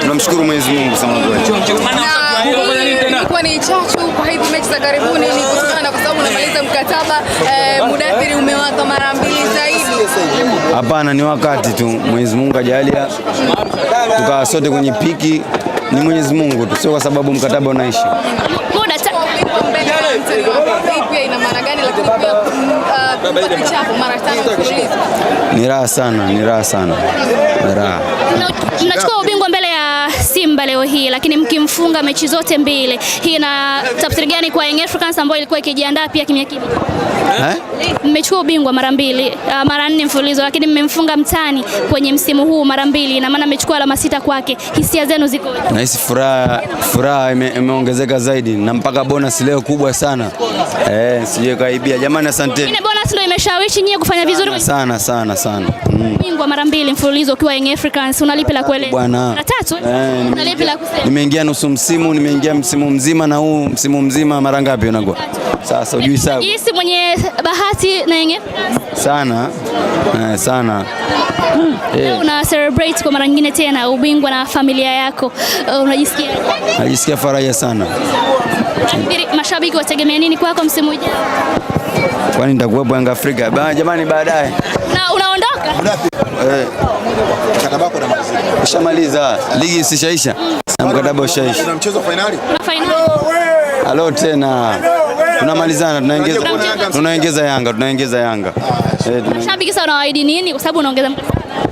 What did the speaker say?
tunamshukuru Mwenyezi Mungu sana kwa ni chachu kwa hizi mechi za karibuni ni kutokana kwa sababu unamaliza mkataba eh, mudathiri umewaka mara mbili zaidi. Hapana, ni wakati tu Mwenyezi Mungu ajalia tukawa sote kwenye piki, ni Mwenyezi Mungu tu, sio kwa sababu mkataba unaishi mm, ah, ni raha sana, ni raha sana raha. Mnachukua ubingwa mbele ya Simba leo hii, lakini mkimfunga mechi zote mbili, hii ina tafsiri gani kwa Young Africans ambayo ilikuwa ikijiandaa pia kimya kimya? Eh? Mmechukua ubingwa mara mbili, ah, mara nne mfululizo, lakini mmemfunga mtani kwenye msimu huu mara mbili, na maana mmechukua alama sita kwake. Hisia zenu ziko? Nahisi furaha, furaha imeongezeka zaidi na mpaka bonus leo kubwa sana eh, kaibia jamani, asante. Bonus ndio imeshawishi nyie kufanya vizuri sana sana sana. Bingwa mara mbili mfululizo ukiwa Young Africans, lipi la kueleza? Bwana. Na tatu? Eh, una lipi la kusema? Nimeingia nusu msimu, nimeingia msimu mzima na huu msimu mzima mara ngapi unakuwa? Sasa ujui sababu. Unajihisi mwenye bahati na Young Africans? Sana. Eh, sana. Yeah. Hmm. Una celebrate kwa mara nyingine tena ubingwa na familia yako. Uh, unajisikia? Najisikia faraja sana. Mashabiki wategemea nini kwako msimu ujao? Kwani nitakuwepo Yanga Afrika? Jamani, baadaye. Eh. Mkataba Ushamaliza. Ligi sishaisha na mkataba ushaisha. Kuna mchezo finali? Finali. Halo tena. Tunamalizana, tunaongeza tunaongeza Yanga, tunaongeza Yanga. Mashabiki sasa wanaahidi nini kwa sababu unaongeza mkataba?